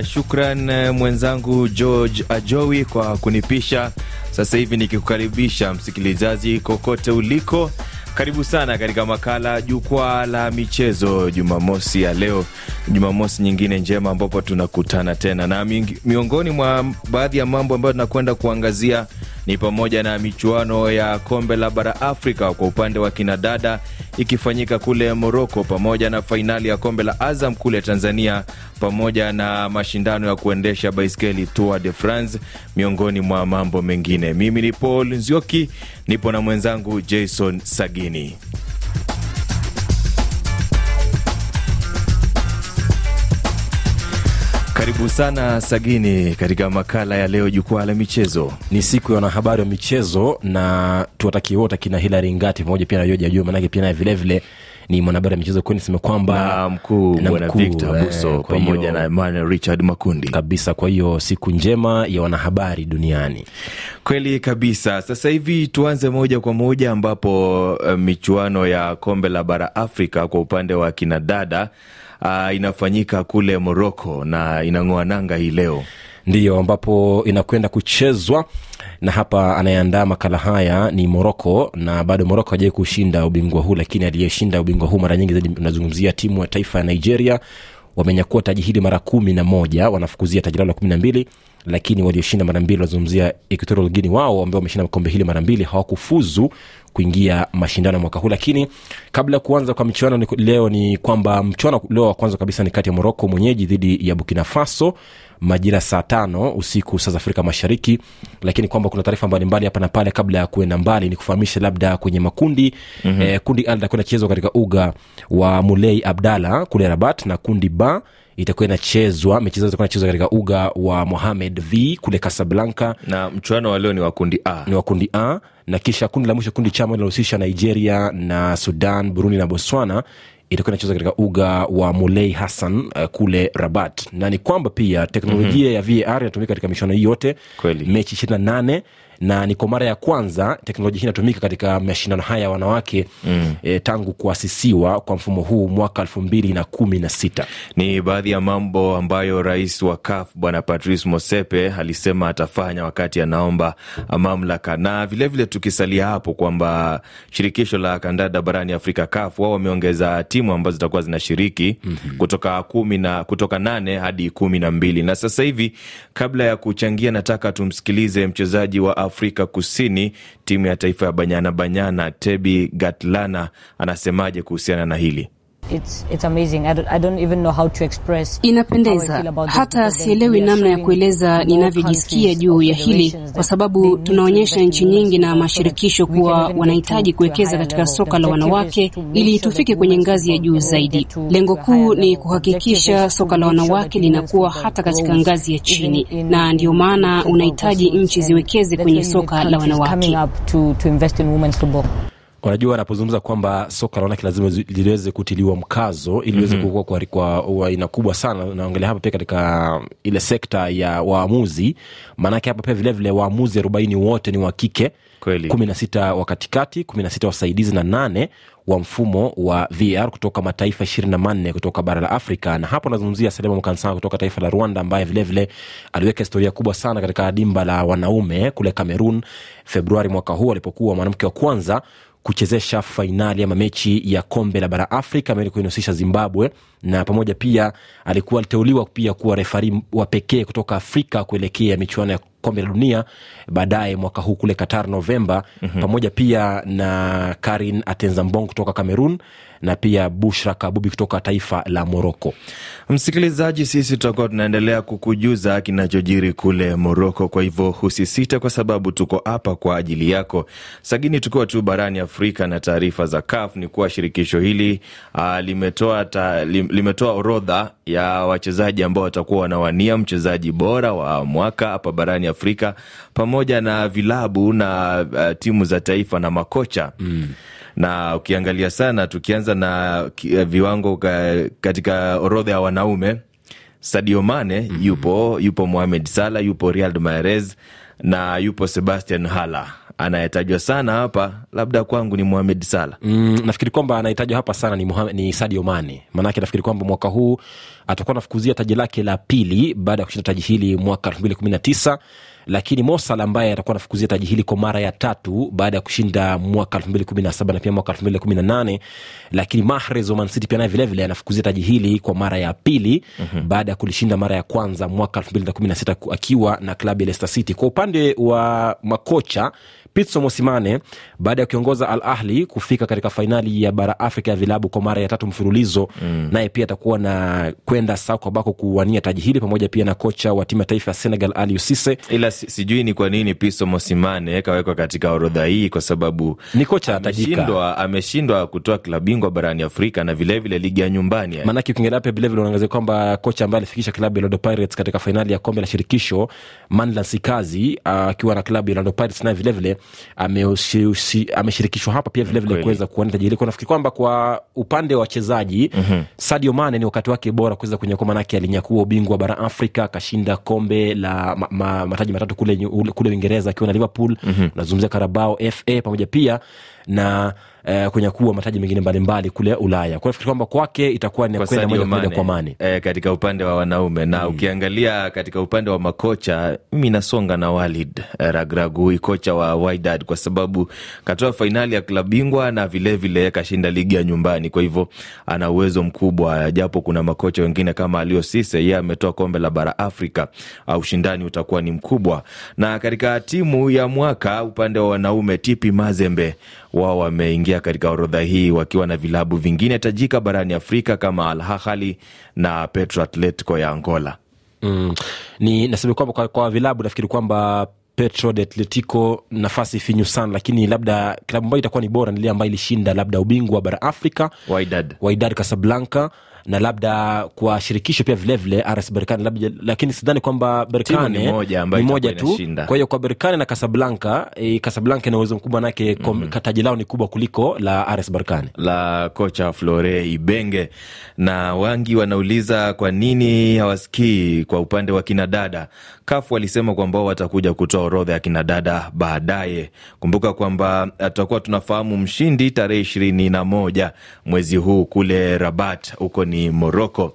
Uh, shukran eh, mwenzangu George Ajowi kwa kunipisha. Sasa hivi nikikukaribisha msikilizaji kokote uliko, karibu sana katika makala jukwaa la michezo Jumamosi ya leo, Jumamosi nyingine njema ambapo tunakutana tena na miongoni mwa baadhi ya mambo ambayo tunakwenda kuangazia ni pamoja na michuano ya kombe la bara Afrika kwa upande wa kinadada ikifanyika kule Moroko, pamoja na fainali ya kombe la Azam kule Tanzania, pamoja na mashindano ya kuendesha baiskeli Tour de France, miongoni mwa mambo mengine. Mimi ni Paul Nzioki, nipo na mwenzangu Jason Sagini. Karibu sana Sagini katika makala ya leo, jukwaa la michezo. Ni siku ya wanahabari wa michezo na tuwatakie wote akina Hilari Ngati pamoja pia na Joji manake pia naye vilevile ni mwanahabari wa michezo kwani sema kwamba mkuu bwana Victor eh, Buso pamoja na Emmanuel Richard Makundi kabisa. Kwa hiyo siku njema ya wanahabari duniani kweli kabisa. Sasa hivi tuanze moja kwa moja ambapo eh, michuano ya kombe la bara Afrika kwa upande wa kinadada uh, ah, inafanyika kule Moroko na inang'oa nanga hii leo ndiyo ambapo inakwenda kuchezwa na hapa anayeandaa makala haya ni Moroko, na bado Moroko ajai kushinda ubingwa huu, lakini aliyeshinda ubingwa huu mara nyingi zaidi unazungumzia timu ya taifa ya Nigeria. Wamenyakua taji hili mara kumi na moja, wanafukuzia taji lao la kumi na mbili lakini walioshinda mara mbili, wanazungumzia Equatorial guini wao ambao wameshinda kombe hili mara mbili hawakufuzu kuingia mashindano mwaka huu. Lakini kabla ya kuanza kwa michuano leo, ni kwamba mchuano leo wa kwanza kabisa ni kati ya Moroko mwenyeji dhidi ya Burkina Faso majira saa tano usiku saa za Afrika Mashariki, lakini kwamba kuna taarifa mbalimbali hapa na pale. Kabla ya kuenda mbali, ni kufahamisha labda kwenye makundi mm -hmm. Eh, kundi alda kuenda chezwa katika uga wa Mulei Abdala kule Rabat na kundi ba itakuwa inachezwa michezo zao inachezwa katika uga wa Mohamed V kule Casablanca, na mchuano wa leo ni wa kundi A, ni wa kundi A, na kisha kundi la mwisho, kundi chama linalohusisha Nigeria na Sudan, Burundi na Botswana itakuwa inachezwa katika uga wa Mulei Hassan uh, kule Rabat, na ni kwamba pia teknolojia mm -hmm. ya VAR inatumika katika michuano hii yote, mechi ishirini na nane na ni kwa mara ya kwanza teknolojia hii inatumika katika mashindano haya ya wanawake mm. E, tangu kuasisiwa kwa mfumo huu mwaka elfu mbili na kumi na sita. Ni baadhi ya mambo ambayo rais wa CAF Bwana Patrice Motsepe alisema atafanya wakati anaomba mamlaka, na vilevile vile tukisalia hapo kwamba shirikisho la kandada barani Afrika CAF wao wameongeza timu ambazo zitakuwa zinashiriki mm-hmm. kutoka kumi na kutoka nane hadi kumi na mbili na sasa hivi, kabla ya kuchangia, nataka tumsikilize mchezaji wa Af Afrika Kusini, timu ya taifa ya Banyana Banyana, Tebi Gatlana anasemaje kuhusiana na hili? It's, it's amazing. I don't, I don't even know how to express. Inapendeza hata sielewi namna ya kueleza ninavyojisikia juu ya hili, kwa sababu tunaonyesha nchi nyingi na mashirikisho kuwa wanahitaji kuwekeza katika soka la wanawake ili tufike kwenye ngazi ya juu zaidi. Lengo kuu ni kuhakikisha soka la wanawake linakuwa hata katika ngazi ya chini, na ndio maana unahitaji nchi ziwekeze kwenye soka la wanawake. Unajua, anapozungumza kwamba soka la wanawake lazima liweze kutiliwa mkazo ili liweze mm-hmm. kukua kwa aina kubwa sana. Naongelea hapa pia katika um, ile sekta ya waamuzi, maanake hapa pia vilevile waamuzi arobaini wote ni wa kike, kumi na sita wa katikati, kumi na sita wasaidizi na nane wa mfumo wa VR kutoka mataifa ishirini na manne kutoka bara la Afrika, na hapo nazungumzia Salema Mukansanga kutoka taifa la Rwanda, ambaye vilevile aliweka historia kubwa sana katika dimba la wanaume kule Cameroon Februari mwaka huu alipokuwa mwanamke wa kwanza kuchezesha fainali ama mechi ya kombe la bara Afrika ambayo ilikuwa inahusisha Zimbabwe na pamoja pia alikuwa aliteuliwa pia kuwa refari wa pekee kutoka Afrika kuelekea michuano ya kombe la dunia baadaye mwaka huu kule Qatar Novemba. mm -hmm. Pamoja pia na Karin Atenzambong kutoka Cameroon na pia Bushra Kabubi kutoka taifa la Moroko. Msikilizaji, sisi tutakuwa tunaendelea kukujuza kinachojiri kule Moroko, kwa hivyo husisite, kwa sababu tuko hapa kwa ajili yako. Sagini, tukiwa tu barani Afrika na taarifa za CAF ni kuwa shirikisho hili ah, limetoa limetoa orodha ya wachezaji ambao watakuwa wanawania mchezaji bora wa mwaka hapa barani Afrika pamoja na vilabu na uh, timu za taifa na makocha mm. Na ukiangalia sana, tukianza na uh, viwango katika orodha ya wanaume, Sadio Mane mm -hmm. yupo, yupo Mohamed Salah, yupo Riyad Mahrez na yupo Sebastian Haller anayetajwa sana hapa labda kwangu ni Mohamed Salah. Mm, nafikiri kwamba anayetajwa hapa sana ni, Mohamed, ni Sadio Mane, maanake nafikiri kwamba mwaka huu atakuwa anafukuzia taji lake la pili baada ya kushinda taji hili mwaka elfu mbili kumi na tisa lakini Mo Salah ambaye atakuwa anafukuzia taji hili kwa mara ya tatu baada ya kushinda mwaka 2017 na pia mwaka 2018, lakini Mahrez wa Man City pia naye vilevile anafukuzia taji hili kwa mara ya pili mm-hmm. baada ya kulishinda mara ya kwanza mwaka 2016 akiwa na klabu ya Leicester City. Kwa upande wa makocha Pitso Mosimane baada ya kuongoza Al Ahli kufika katika fainali ya bara Afrika ya vilabu kwa mara ya tatu mfululizo mm. naye pia atakuwa na kwenda Sako Bako kuwania taji hili pamoja pia na kocha wa timu ya taifa ya Senegal Aliou Cisse. Ila sijui ni kwa nini Pitso Mosimane kawekwa katika orodha hii, kwa sababu ni kocha tajika, ameshindwa kutoa klabu bingwa barani Afrika na vilevile ligi ya nyumbani, maanake ukiangalia pia vilevile unaangazia kwamba kocha ambaye alifikisha klabu ya Orlando Pirates katika fainali ya kombe la shirikisho Mandla Sikazi akiwa uh, na klabu ya Orlando Pirates naye vilevile ameshirikishwa hapa pia mm, vilevile kuweza kuona taji hili. Nafikiri kwamba kwa upande wa wachezaji mm-hmm. Sadio Mane ni wakati wake bora kuweza kunyakua, manake alinyakua ubingwa bara Afrika, akashinda kombe la ma, ma, mataji matatu kule Uingereza akiwa na Liverpool mm-hmm. Nazungumzia Karabao FA pamoja pia na eh, kunyakua mataji mengine mbalimbali kule Ulaya. Kwa hiyo kwamba kwake itakuwa ni kwenda moja kwa moja kwa Mane eh, katika upande wa wanaume na mm. Ukiangalia katika upande wa makocha, mimi nasonga na Walid eh, Ragragu, kocha wa Wydad, kwa sababu katoa fainali ya klabu bingwa na vilevile kashinda ligi ya nyumbani, kwa hivyo ana uwezo mkubwa, japo kuna makocha wengine kama Alio Sise, yeye ametoa kombe la bara Afrika. Ah, ushindani utakuwa ni mkubwa, na katika timu ya mwaka upande wa wanaume, Tipi Mazembe wao wameingia katika orodha hii wakiwa na vilabu vingine tajika barani Afrika kama Al Ahly na Petro Atletico ya Angola. Mm. Ni nasema kwamba kwa, kwa vilabu nafikiri kwamba Petro de Atletico nafasi finyu sana, lakini labda klabu ambayo itakuwa ni bora ni ile ambayo ilishinda labda ubingwa bara Afrika, Wydad Wydad Casablanca na labda kwa shirikisho pia vilevile RS Berkane lakini sidhani kwamba Berkane ni moja, tu. Kwa hiyo kwa Berkane na Kasablanka e, eh, Kasablanka ina uwezo mkubwa manake mm -hmm. taji lao ni kubwa kuliko la RS Berkane la kocha Flore Ibenge. Na wangi wanauliza kwa nini hawasikii kwa upande wa kinadada. Kafu walisema kwamba watakuja kutoa orodha ya kinadada baadaye. Kumbuka kwamba eh, tutakuwa tunafahamu mshindi tarehe ishirini na moja mwezi huu kule Rabat huko nchini Moroko.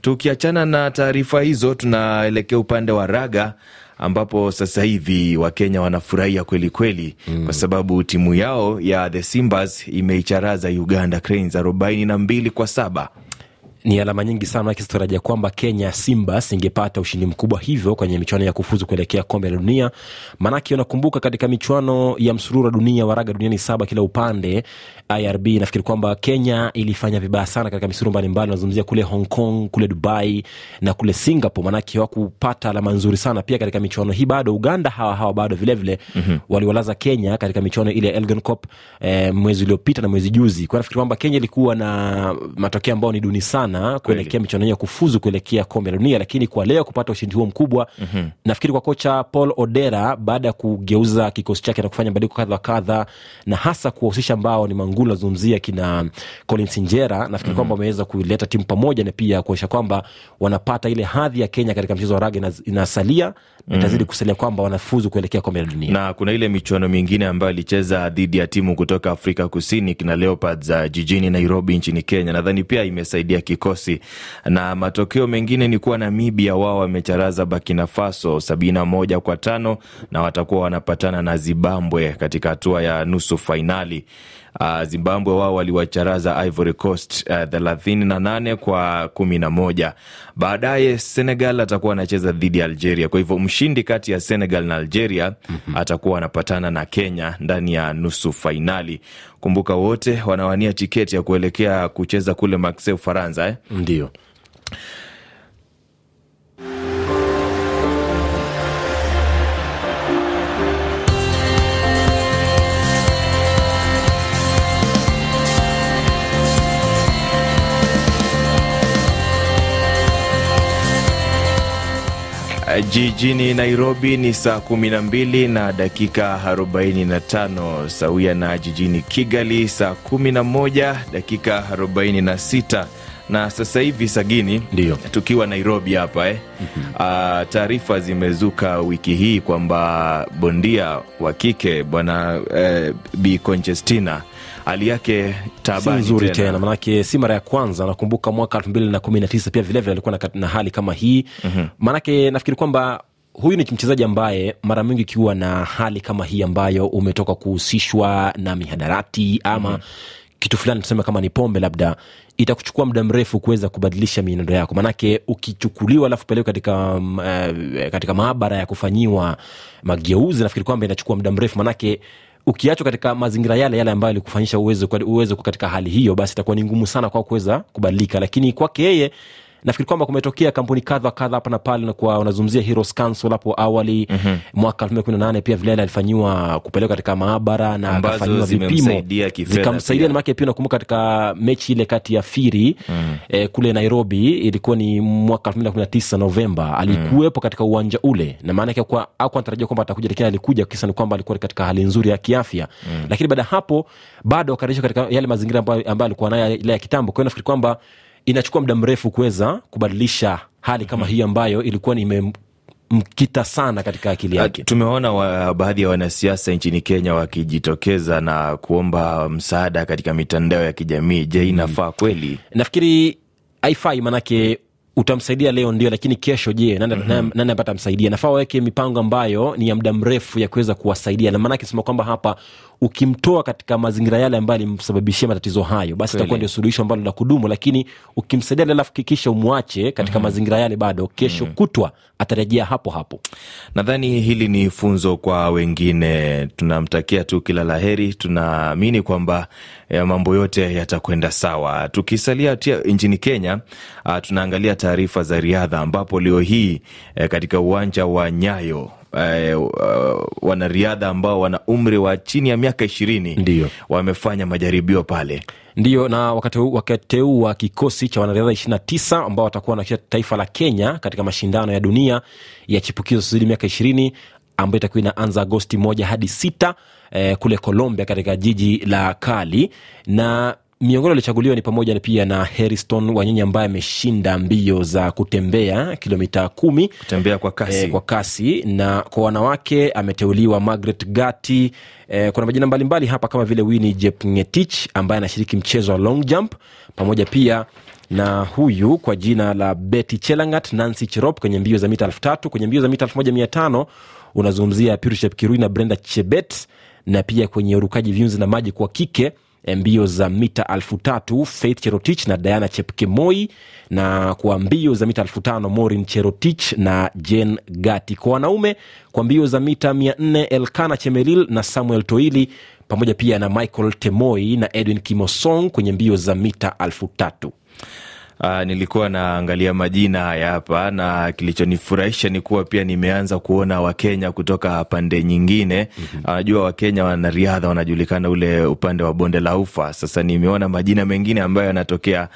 Tukiachana na taarifa hizo, tunaelekea upande wa raga ambapo sasa hivi Wakenya wanafurahia kweli kweli mm, kwa sababu timu yao ya the Simbas imeicharaza Uganda Cranes arobaini na mbili kwa saba ni alama nyingi sana, manake sitarajia kwamba Kenya Simba singepata ushindi mkubwa hivyo kwenye michuano ya kufuzu kuelekea kombe la dunia. Manake unakumbuka katika michuano ya msururu wa dunia wa raga duniani saba kila upande IRB, nafikiri kwamba Kenya ilifanya vibaya sana katika misururu mbalimbali, nazungumzia kule Hong Kong, kule Dubai na kule Singapore, manake hawakupata alama nzuri sana pia katika michuano hii. Bado Uganda hawa hawa bado vilevile mm -hmm. waliwalaza Kenya katika michuano ile ya Elgon Cup eh, mwezi uliopita na mwezi juzi, kwa nafikiri kwamba Kenya ilikuwa na matokeo ambayo ni duni sana sana kuelekea michuano ya kufuzu kuelekea kombe la dunia, lakini kwa leo kupata ushindi huo mkubwa mm-hmm. nafikiri kwa kocha Paul Odera baada ya kugeuza kikosi chake na kufanya mabadiliko kadha wa kadha na hasa kuwahusisha ambao ni Mangula zungumzia kina Collins Injera, nafikiri mm-hmm. kwamba wameweza kuileta timu pamoja na pia kuonyesha kwamba wanapata ile hadhi ya Kenya katika mchezo wa raga inasalia na mm-hmm. itazidi mhm. kusalia kwamba wanafuzu kuelekea kombe la dunia, na kuna ile michuano mingine ambayo alicheza dhidi ya timu kutoka Afrika Kusini kina Leopards uh, jijini Nairobi nchini Kenya, nadhani pia imesaidia kiku kikosi. Na matokeo mengine ni kuwa Namibia wao wamecharaza Burkina Faso sabini na moja kwa tano na watakuwa wanapatana na Zimbabwe katika hatua ya nusu fainali. Uh, Zimbabwe wao waliwacharaza Ivory Coast eh, thelathini uh, na nane kwa kumi na moja. Baadaye Senegal atakuwa anacheza dhidi ya Algeria. Kwa hivyo mshindi kati ya Senegal na Algeria mm-hmm. atakuwa anapatana na Kenya ndani ya nusu fainali. Kumbuka wote wanawania tiketi ya kuelekea kucheza kule Marseille, Ufaransa eh? Ndio. Jijini Nairobi ni saa kumi na mbili na dakika arobaini na tano sawia na jijini Kigali saa kumi na moja dakika arobaini na sita na sasa hivi Sagini, Dio. tukiwa Nairobi hapa eh. mm-hmm. taarifa zimezuka wiki hii kwamba bondia wa kike bwana eh, Bi Conchestina hali yake si nzuri tena, manake si mara ya kwanza. Nakumbuka mwaka elfu mbili na kumi na tisa pia vilevile alikuwa na, na hali kama hii mm-hmm. Manake nafikiri kwamba huyu ni mchezaji ambaye mara mingi ukiwa na hali kama hii ambayo umetoka kuhusishwa na mihadarati ama mm-hmm kitu fulani tuseme kama ni pombe labda, itakuchukua muda mrefu kuweza kubadilisha mienendo yako, maanake ukichukuliwa alafu pelekwa katika, uh, katika maabara ya kufanyiwa mageuzi, nafikiri kwamba inachukua muda mrefu maanake ukiachwa katika mazingira yale yale ambayo alikufanyisha uweze uweze katika hali hiyo, basi itakuwa ni ngumu sana kwao kuweza kubadilika, lakini kwake yeye nafikiri kwamba kumetokea kampuni kadha kadha hapa na pale, nakuwa unazungumzia Heroes Council hapo awali mm-hmm. mwaka elfu mbili kumi na nane pia vilevile alifanyiwa kupelekwa katika maabara na akafanyiwa vipimo zikamsaidia, manake pia nakumbuka katika mechi ile kati ya Firi mm-hmm. eh, kule Nairobi ilikuwa ni mwaka elfu mbili kumi na tisa Novemba alikuwepo mm-hmm. katika uwanja ule, na maana yake kwa akuwa natarajia kwamba atakuja, lakini alikuja, kisa ni kwamba alikuwa katika hali nzuri ya kiafya mm-hmm. lakini baada ya hapo bado akarejeshwa katika yale mazingira ambayo alikuwa nayo ile ya kitambo. Kwa hiyo nafikiri kwamba inachukua muda mrefu kuweza kubadilisha hali kama hiyo ambayo ilikuwa ni mkita sana katika akili ah, yake. Tumeona wa, baadhi ya wanasiasa nchini Kenya wakijitokeza na kuomba msaada katika mitandao ya kijamii. Je, mm. inafaa kweli? Nafikiri haifai, manake utamsaidia leo ndio, lakini kesho je, nani mm-hmm. apata msaidia? Nafaa waweke mipango ambayo ni ya muda mrefu ya kuweza kuwasaidia, na maanake sema kwamba hapa ukimtoa katika mazingira yale ambayo alimsababishia matatizo hayo, basi itakuwa ndio suluhisho ambalo la kudumu. Lakini ukimsaidia lalafu kikisha umwache katika mm -hmm. mazingira yale, bado kesho mm -hmm. kutwa atarejea hapo hapo. Nadhani hili ni funzo kwa wengine, tunamtakia tu kila la heri. Tunaamini kwamba ya eh, mambo yote yatakwenda sawa. Tukisalia nchini Kenya, ah, tunaangalia taarifa za riadha ambapo leo hii eh, katika uwanja wa Nyayo eh, uh, wanariadha ambao wana umri wa chini ya miaka ishirini ndio wamefanya majaribio pale ndio na wakateua kikosi cha wanariadha tisa ambao watakuwa wanaisha taifa la Kenya katika mashindano ya dunia ya chipukizo zidi miaka ishirini ambayo itakuwa inaanza Agosti moja hadi sita eh, kule Colombia katika jiji la kali na miongoni aliochaguliwa ni pamoja pia na Heriston Wanyonyi ambaye ameshinda mbio za kutembea kilomita kumi kutembea kwa kasi. Eh, kwa kasi na kwa wanawake ameteuliwa Margaret Gati. Eh, kuna majina mbalimbali hapa kama vile Winnie Jepngetich ambaye anashiriki mchezo wa long jump pamoja pia na huyu kwa jina la Betty Chelangat, Nancy Cherop kwenye mbio za mita elfu tatu. Kwenye mbio za mita elfu moja mia tano unazungumzia Purity Chepkirui na Brenda Chebet na pia kwenye urukaji viunzi na maji kwa kike Eh, mbio za mita alfu tatu Faith Cherotich na Diana Chepkemoi, na kwa mbio za mita alfu tano Morin Cherotich na Jen Gati. Kwa wanaume kwa mbio za mita mia nne Elkana Chemelil na Samuel Toili pamoja pia na Michael Temoi na Edwin Kimosong kwenye mbio za mita alfu tatu uh, nilikuwa naangalia majina haya hapa, na kilichonifurahisha ni kuwa pia nimeanza kuona Wakenya kutoka pande nyingine. Mhm. anajua ah, mm -hmm. uh, Wakenya wanariadha wanajulikana ule upande wa bonde la Ufa. Sasa nimeona majina mengine ambayo yanatokea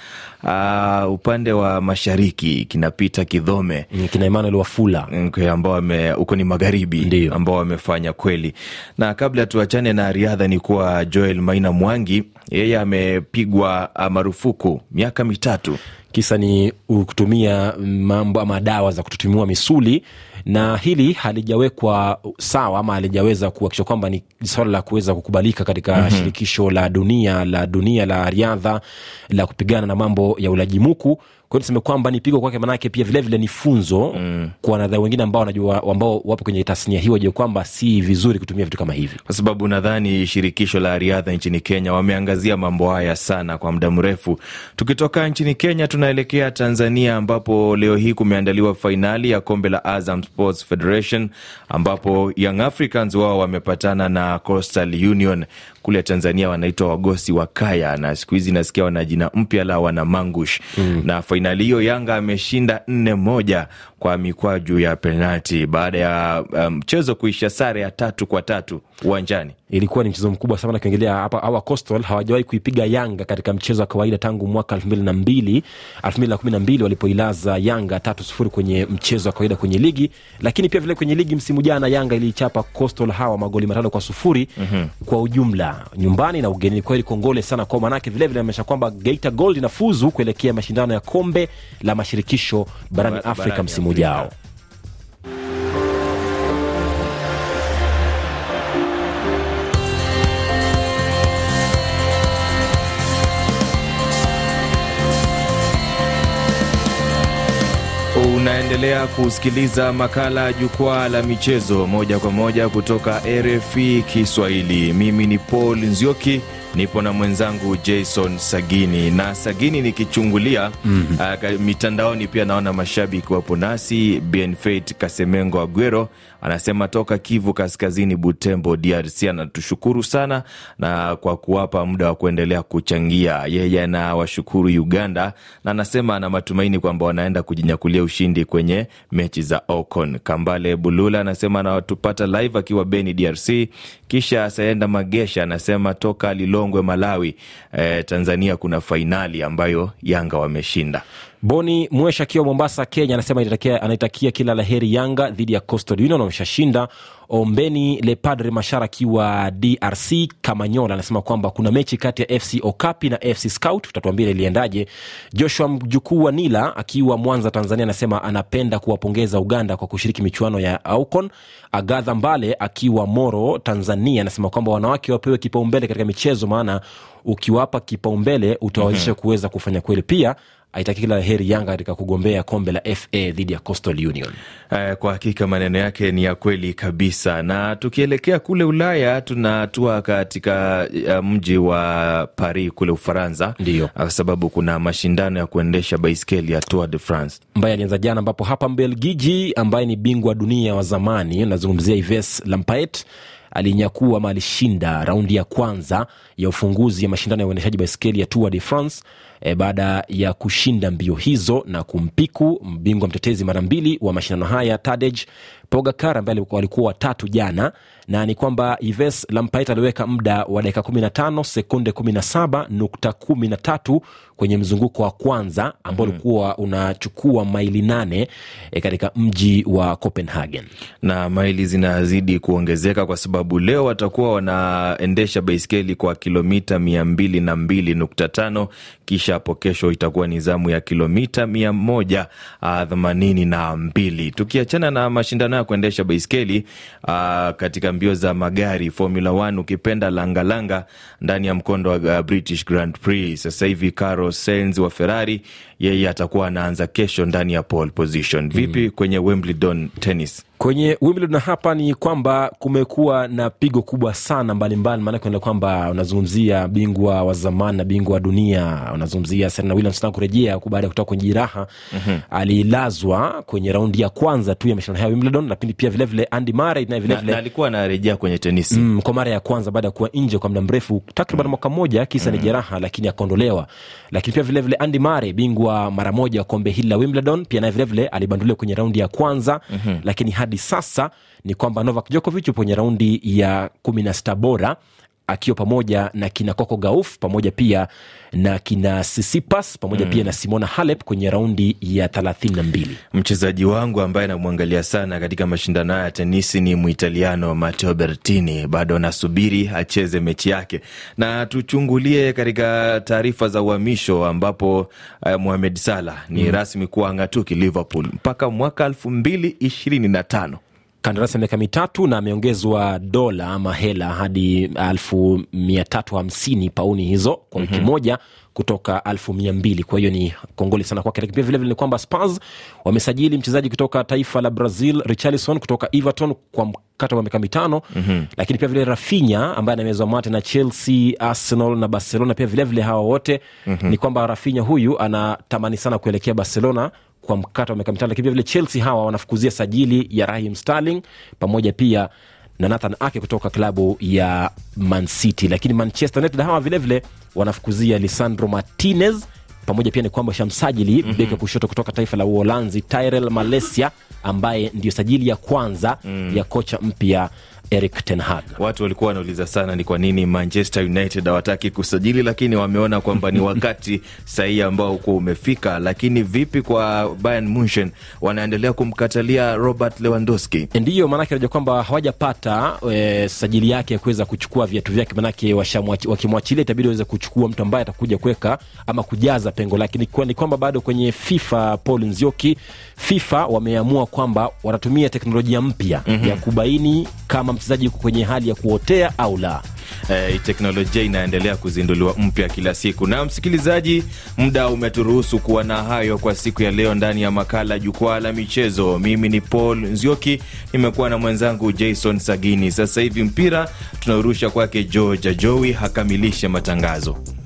uh, upande wa mashariki kinapita Kidhome kina Emmanuel Wafula ambao huko ni magharibi ambao wamefanya kweli. Na kabla tuachane na riadha, ni kuwa Joel Maina Mwangi yeye amepigwa ah, marufuku miaka mitatu, kisa ni kutumia mambo ama dawa za kututimua misuli na hili halijawekwa sawa ama halijaweza kuakisha kwamba ni swala la kuweza kukubalika katika mm -hmm. shirikisho la dunia la dunia la riadha la kupigana na mambo ya ulajimuku kwa hiyo tuseme kwamba ni pigo kwake, maanake pia vilevile vile ni funzo mm. kwa wanadhau wengine ambao wanajua, ambao wapo kwenye tasnia hii, wajue kwamba si vizuri kutumia vitu kama hivi, kwa sababu nadhani shirikisho la riadha nchini Kenya wameangazia mambo haya sana kwa muda mrefu. Tukitoka nchini Kenya tunaelekea Tanzania, ambapo leo hii kumeandaliwa fainali ya kombe la Azam Sports Federation ambapo Young Africans wao wamepatana na Coastal Union kule Tanzania wanaitwa wagosi wa kaya, na siku hizi nasikia wana jina mpya la mangush mm. na fainali hiyo Yanga ameshinda nne moja kwa mikwaju ya penalti baada ya eh, mchezo um, kuisha sare ya tatu kwa tatu uwanjani ilikuwa ni mchezo mkubwa sana kiongelea hapa au Coastal hawajawahi kuipiga Yanga katika mchezo wa kawaida tangu mwaka 2 2012 walipoilaza Yanga 3-0 kwenye mchezo wa kawaida kwenye ligi, lakini pia vile kwenye ligi msimu jana Yanga iliichapa Coastal hawa magoli matano kwa sufuri mm-hmm. kwa ujumla nyumbani na ugenini. Kwa hiyo kongole sana kwao, vile vile amesha kwamba Geita Gold inafuzu kuelekea mashindano ya kombe la mashirikisho barani Afrika msimu ujao. Unaendelea kusikiliza makala Jukwaa la Michezo moja kwa moja kutoka RFI Kiswahili. Mimi ni Paul Nzioki nipo na mwenzangu Jason Sagini na Sagini, nikichungulia mm -hmm. uh, mitandaoni pia naona mashabiki wapo nasi. Bienfait Kasemengo Agwero anasema toka Kivu Kaskazini, Butembo, DRC, anatushukuru sana na kwa kuwapa muda wa kuendelea kuchangia. Yeye anawashukuru Uganda na anasema ana matumaini kwamba wanaenda kujinyakulia ushindi kwenye mechi za Ocon. Kambale Bulula anasema anatupata live akiwa Beni, DRC. Kisha Saenda Magesha anasema toka Lilo Lilongwe, Malawi. Eh, Tanzania kuna fainali ambayo Yanga wameshinda. Boni Mwesha akiwa Mombasa, Kenya, anasema anaitakia kila laheri Yanga dhidi ya Coastal Union, wameshashinda. Ombeni Le Padre Mashara akiwa DRC Kamanyola anasema kwamba kuna mechi kati ya FC Okapi na FC Scout, utatuambia iliendaje. Joshua mjukuu wa Nila akiwa Mwanza, Tanzania, anasema anapenda kuwapongeza Uganda kwa kushiriki michuano ya AUCON. Agadha Mbale akiwa Moro, Tanzania, anasema kwamba wanawake wapewe kipaumbele katika michezo, maana ukiwapa kipaumbele utawawezesha mhm. kuweza kufanya kweli. Pia aitaki kila heri Yanga katika kugombea kombe la FA dhidi ya Coastal Union. Eh, kwa hakika maneno yake ni ya kweli kabisa. Na tukielekea kule Ulaya, tunatua katika eh, mji wa Paris kule Ufaransa, ndio ah, kwa sababu kuna mashindano ya kuendesha baiskeli ya Tour de France ambaye alianza jana, ambapo hapa Mbelgiji ambaye ni bingwa dunia wa zamani, nazungumzia Yves Lampaert alinyakua ama alishinda raundi ya kwanza ya ufunguzi ya mashindano ya uendeshaji baiskeli ya Tour de France e, baada ya kushinda mbio hizo na kumpiku mbingwa mtetezi mara mbili wa mashindano haya Tadej pogakar ambaye walikuwa watatu jana, na ni kwamba ives Lampait aliweka muda wa dakika 15 sekunde 17 nukta kwenye mzunguko wa kwanza ambao hmm. ulikuwa mm -hmm. unachukua maili nane e, katika mji wa Copenhagen, na maili zinazidi kuongezeka kwa sababu leo watakuwa wanaendesha baiskeli kwa kilomita 202 nukta kisha kisha hapo kesho itakuwa ni zamu ya kilomita mia moja ah, themanini na mbili. Tukiachana na mashindano ya kuendesha baiskeli ah, katika mbio za magari Formula 1 ukipenda langalanga ndani ya mkondo wa ah, British Grand Prix, sasa hivi Carlos Sainz wa Ferrari yeye atakuwa anaanza kesho ndani ya pole position. Vipi mm. kwenye Wimbledon tennis? kwenye Wimbledon hapa ni kwamba kumekuwa na pigo kubwa sana mbalimbali, maanake unaenda kwamba unazungumzia bingwa wa zamani na bingwa wa dunia, unazungumzia Serena Williams na kurejea huku baada ya kutoka kwenye jeraha. mm-hmm. Alilazwa kwenye raundi ya kwanza tu ya mashindano haya Wimbledon, lakini pia vilevile Andy Murray naye vilevile alikuwa anarejea kwenye tenisi mm, kwa mara ya kwanza baada ya kuwa nje kwa muda mrefu takriban mm. mwaka mmoja, kisa mm. ni jeraha, lakini akaondolewa. Lakini pia vilevile Andy Murray, bingwa mara moja wa kombe hili la Wimbledon, pia naye vilevile alibanduliwa kwenye raundi ya kwanza mm-hmm. lakini hadi hadi sasa ni kwamba Novak Djokovic upo kwenye raundi ya kumi na sita bora akiwa pamoja na kina Coco Gauff pamoja pia na kina sisipas pamoja mm. pia na Simona Halep kwenye raundi ya mbili. Mchezaji wangu ambaye namwangalia sana katika mashindano haya ya tenisi ni muitaliano Matteo bertini bado anasubiri acheze mechi yake. Na tuchungulie katika taarifa za uhamisho ambapo eh, Mohamed Salah ni mm. rasmi kuwa ang'atuki Liverpool mpaka mwaka tano kandarasi ya miaka mitatu na ameongezwa dola ama hela hadi elfu mia tatu hamsini pauni hizo kwa wiki mm -hmm. moja kutoka elfu mia mbili. Kwa hiyo ni kongole sana kwake, lakini pia vilevile ni kwamba Spurs wamesajili mchezaji kutoka taifa la Brazil Richarlison kutoka Everton kwa mkataba wa miaka mitano mm-hmm. Lakini pia vile Rafinha ambaye anamezwa mate na Chelsea, Arsenal na Barcelona pia vilevile vile hawa wote mm-hmm. Ni kwamba Rafinha huyu anatamani sana kuelekea Barcelona kwa mkata wa miaka mitano, lakini pia vile Chelsea hawa wanafukuzia sajili ya Raheem Sterling pamoja pia na Nathan Ake kutoka klabu ya Man City, lakini Manchester United hawa vilevile wanafukuzia Lisandro Martinez pamoja pia ni kwamba shamsajili mm -hmm. beki kushoto kutoka taifa la Uholanzi Tyrell Malacia ambaye ndiyo sajili ya kwanza mm. ya kocha mpya Eric ten Hag. Watu walikuwa wanauliza sana ni kwa nini Manchester United hawataki kusajili, lakini wameona kwamba ni wakati sahihi ambao kuwa umefika. Lakini vipi kwa Bayern Munchen, wanaendelea kumkatalia Robert Lewandowski? Ndiyo maanake naja kwamba hawajapata e, sajili yake ya kuweza kuchukua viatu vyake, maanake wakimwachilia itabidi waweze kuchukua mtu ambaye atakuja kuweka ama kujaza pengo lake. Ni kwamba bado kwenye FIFA, Paul Nzioki, FIFA wameamua kwamba wanatumia teknolojia mpya mm -hmm. ya kubaini kama mchezaji kwenye hali ya kuotea au la. Hey, eh, teknolojia inaendelea kuzinduliwa mpya kila siku. Na msikilizaji, muda umeturuhusu kuwa na hayo kwa siku ya leo ndani ya makala Jukwaa la Michezo. Mimi ni Paul Nzioki, nimekuwa na mwenzangu Jason Sagini. Sasa hivi mpira tunaurusha kwake Georgia Jowi hakamilishe matangazo.